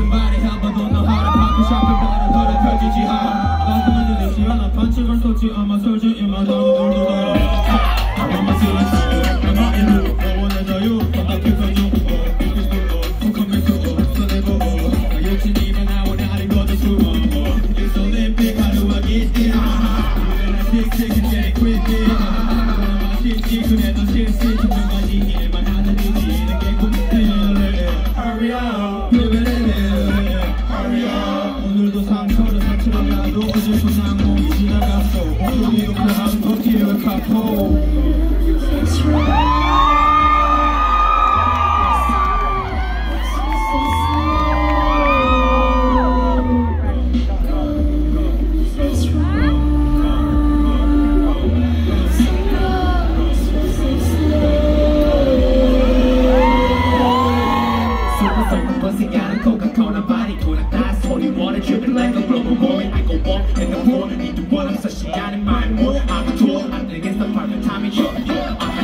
somebody help, I don't know how to pop a shotgun bottle, 너를 펼치지 않아 아무나 내 시원한 반칙을 쏟지 않아 솔직히 in my door, door, door, I I'm not I you, I'm not in the you Hurry up! Coca-Cola body full of glass, holy water dripping like a global warming i 시간은 I think it's the perfect time in your